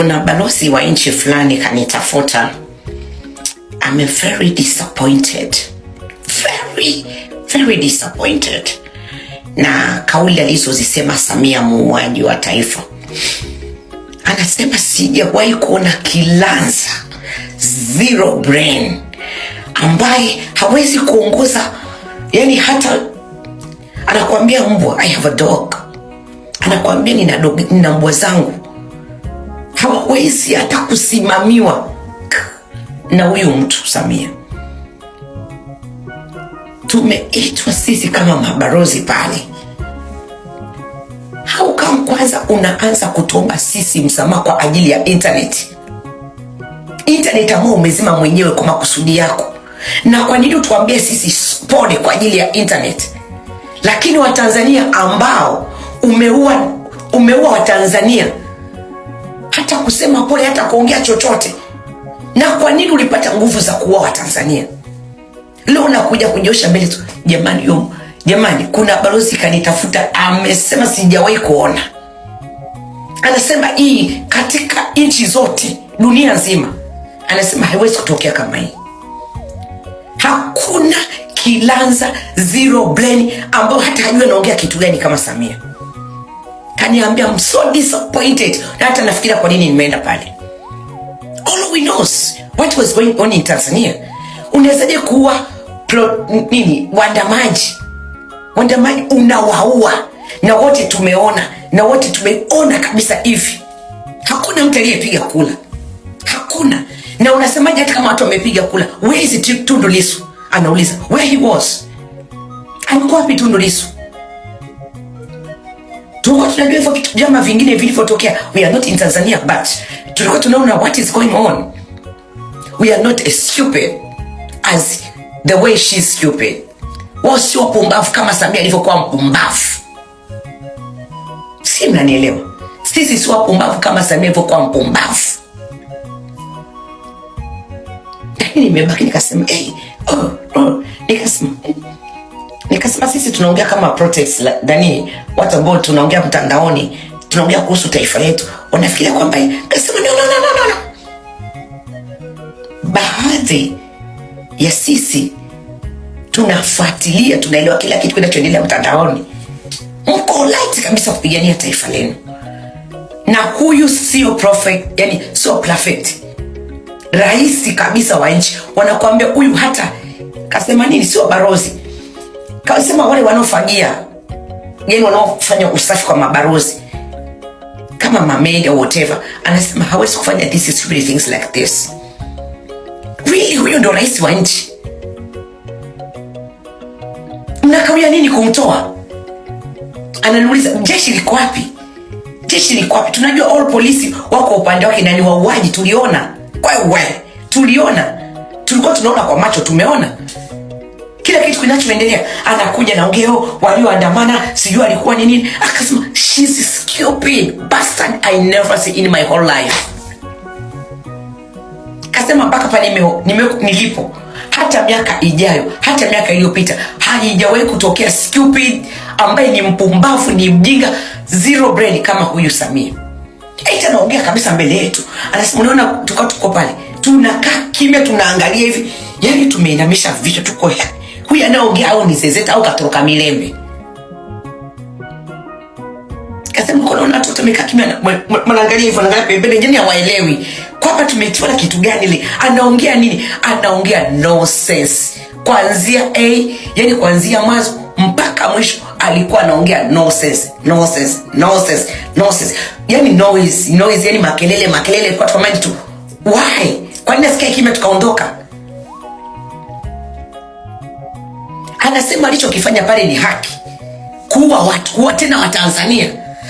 kuna balozi wa nchi fulani kanitafuta. I'm very disappointed. Very, very disappointed na kauli alizozisema Samia, muuaji wa taifa. Anasema sijawahi kuona kilanza zero brain ambaye hawezi kuongoza, yani hata anakuambia mbwa, I have a dog, anakuambia nina dog, nina mbwa zangu hawawezi hata kusimamiwa na huyu mtu Samia. Tumeitwa sisi kama mabalozi pale. kama kwanza unaanza kutomba sisi msamaha kwa ajili ya intaneti, intaneti ambayo umezima mwenyewe kwa makusudi yako. Na kwa nini tuambie sisi pole kwa ajili ya intaneti, lakini Watanzania ambao umeua umeua Watanzania hata kusema pole, hata kuongea chochote. Na kwa nini ulipata nguvu za kuua Watanzania? Leo nakuja kunyosha mbele tu, jamani yo, jamani, kuna balozi kanitafuta, amesema sijawahi kuona, anasema hii katika nchi zote dunia nzima, anasema haiwezi kutokea kama hii. Hakuna kilanza zero brain ambayo hata hajui anaongea kitu gani kama Samia kaniambia I'm so disappointed, na hata nafikiria kwa nini nimeenda pale. All we knows what was going on in Tanzania. Unawezaje kuua pro, nini wandamaji wandamaji unawaua na wote tumeona na wote tumeona kabisa hivi, hakuna mtu aliyepiga kula, hakuna. Na unasemaje hata kama watu wamepiga kula, where is Tundu Lissu? Anauliza where he was, alikuwa wapi Tundu Lissu? tulikuwa tunajua hivyo vitu vyama vingine vilivyotokea. We are not in Tanzania but tulikuwa tunaona what is going on. We are not as stupid as the way she is stupid. Wao wapumbavu kama Samia alivyokuwa mpumbavu. Si mnanielewa? Sisi si wapumbavu kama Samia alivyokuwa mpumbavu. Nimebaki nikasema, hey, oh, oh, nikasema eh, Nikasema sisi tunaongea kama protest nani, watu ambao tunaongea mtandaoni, tunaongea kuhusu taifa letu, wanafikiria kwamba kasema no, no, no, no, no. Baadhi ya sisi tunafuatilia, tunaelewa kila kitu kinachoendelea mtandaoni, mko light kabisa kupigania taifa lenu, na huyu sio prophet, yani sio prophet, rahisi kabisa wa nchi. Wanakuambia huyu hata kasema nini, sio barozi Kasema wale wanaofagia yani, wanaofanya usafi kwa mabarozi kama mamedi or whatever, anasema hawezi kufanya this stupid things like this really. Huyo ndo rais wa nchi, mnakawia nini kumtoa? Ananiuliza jeshi liko wapi? Jeshi liko wapi? Tunajua all polisi wako upande wake na ni wauaji, tuliona. Kwa hiyo tuliona, tulikuwa tunaona kwa macho, tumeona kila kitu kinachoendelea anakuja na ugeo walioandamana, sijui alikuwa ni nini. Akasema she's stupid bastard I never see in my whole life. Kasema mpaka pale nilipo, hata miaka ijayo, hata miaka iliyopita haijawahi kutokea stupid ambaye ni mpumbavu, ni mjinga, zero brain kama huyu Samia. Aita naongea kabisa mbele yetu, anasema unaona, tuka tuko pale tunakaa kimya, tunaangalia hivi, yani tumeinamisha vichwa, tuko huyu anaogea au ni zezeta au katoroka Milembe. Kasema mkono na watoto amekaa kimya, mnaangalia hivyo, anaangalia pembeni, yani hawaelewi kwamba tumetiwa na kitu gani. Ile anaongea nini? Anaongea nonsense kuanzia a yani kuanzia mwanzo mpaka mwisho alikuwa anaongea nonsense nonsense nonsense nonsense, yani noise noise, yani makelele makelele, kwa tufamaji tu why, kwa nini sikia kimya tukaondoka anasema alichokifanya pale ni haki, kuua watu, kuua tena Watanzania,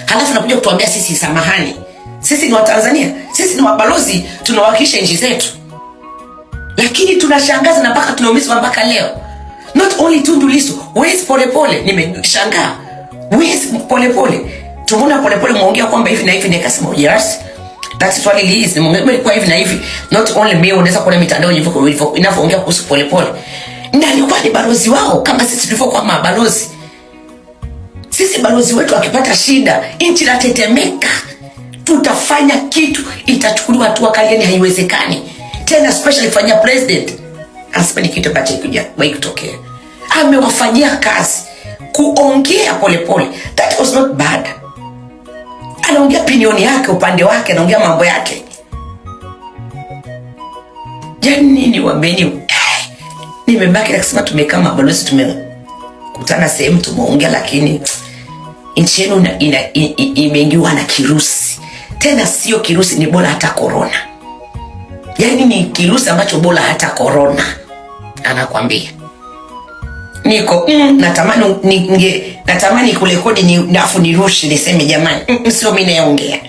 halafu nakuja kutuambia sisi samahani. Sisi ni Watanzania, sisi ni mabalozi, tunawakilisha nchi zetu, lakini tunashangaza na mpaka tunaumizwa mpaka leo. Not only Tundu Lissu, Wes Polepole, nimeshangaa Wes Polepole, tumeona Polepole muongea kwamba hivi na hivi, nikasema yes that's what it is, hivi na hivi. Not only me, unaweza kuona mitandao ilivyoongea kuhusu Polepole na alikuwa ni balozi wao kama sisi tulivyokuwa mabalozi. Sisi balozi wetu akipata shida, nchi inatetemeka, tutafanya kitu, itachukuliwa hatua kali, yani haiwezekani tena, especially fanya president anasema ni kitu ambacho kutokea. Amewafanyia kazi kuongea polepole pole. That was not bad. Anaongea pinioni yake upande wake, anaongea mambo yake, yani nini wameni mimi nimebaki nakisema, tumekaa mabalozi, tumekutana sehemu, tumeongea, lakini nchi yenu imeingiwa na kirusi. Tena sio kirusi, ni bora hata korona, yaani ni kirusi ambacho bora hata korona, anakwambia niko mm, natamani ninge natamani kurekodi ni nafu nirushi niseme jamani, mm, mm sio mimi naongea.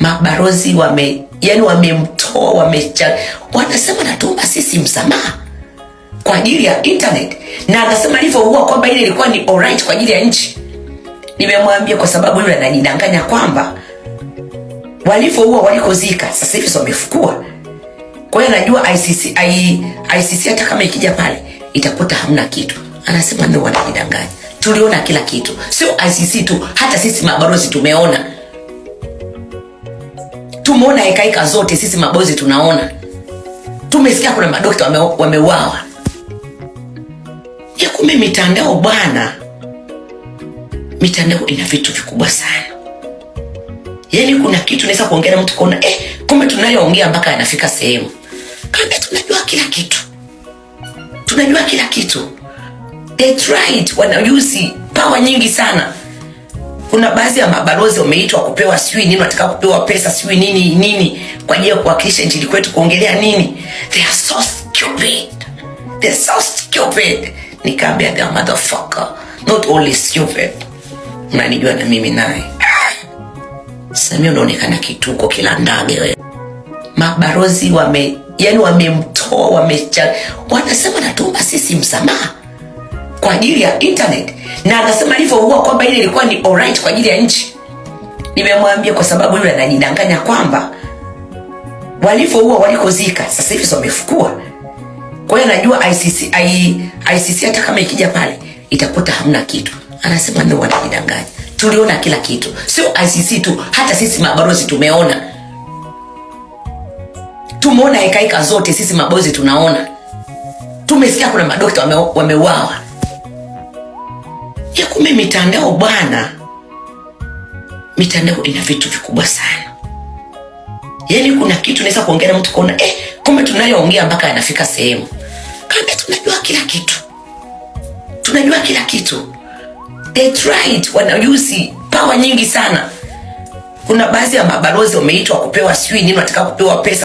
Mabarozi wame yani wamemtoa wamecha, wanasema natumba sisi msamaha kwa ajili ya internet, na akasema alivyoua kwamba ile ilikuwa ni alright kwa ajili ya nchi. Nimemwambia kwa sababu yule ananidanganya kwamba walivyoua walikozika, sasa hivi sio wamefukua. Kwa hiyo anajua ICC, ICC hata kama ikija pale itakuta hamna kitu. Anasema ndio wanajidanganya, tuliona kila kitu, sio ICC tu, hata sisi mabalozi tumeona, tumeona hekaika zote, sisi mabalozi tunaona, tumesikia kuna madokta wameuawa, wame ya kumbe mitandao bwana, mitandao ina vitu vikubwa sana. Yaani kuna kitu naweza kuongea na mtu kuona eh, kumbe tunayoongea mpaka anafika sehemu Kambe tunajua kila kitu, tunajua kila kitu. They tried, wanauzi power nyingi sana. Kuna baadhi ya mabalozi wameitwa kupewa sijui nini, wanataka kupewa pesa sijui nini nini kwa ajili ya kuwakilisha injili kwetu, kuongelea nini. They are so stupid, they are so stupid. Nikaambia the motherfucker not only stupid, mnanijua na mimi naye. Samia unaonekana kituko kila ndani we Mabarozi wame yani wamemtoa wamecha, wanasema natuma sisi msamaha kwa ajili ya internet, na anasema hivyo huwa kwamba ile ilikuwa ni alright kwa ajili ya nchi. Nimemwambia kwa sababu yule anajidanganya kwamba walivyoua walikozika, sasa hivi wamefukua kwa hiyo najua ICC, ICC hata kama ikija pale itakuta hamna kitu. Anasema ndio wanajidanganya. Tuliona kila kitu, sio ICC tu, hata sisi mabalozi tumeona, tumeona hekaika zote. Sisi mabalozi tunaona, tumesikia kuna madokta wameuawa. Ya kumbe mitandao bwana, mitandao ina vitu vikubwa sana. Yaani kuna kitu naweza kuongea na mtu kaona eh Kumbe tunayoongea mpaka yanafika sehemu. kambe tunajua kila kitu, tunajua kila kitu. They tried, wanayusi pawa nyingi sana. Kuna baadhi ya mabalozi wameitwa kupewa sijui nini, wataka kupewa pesa.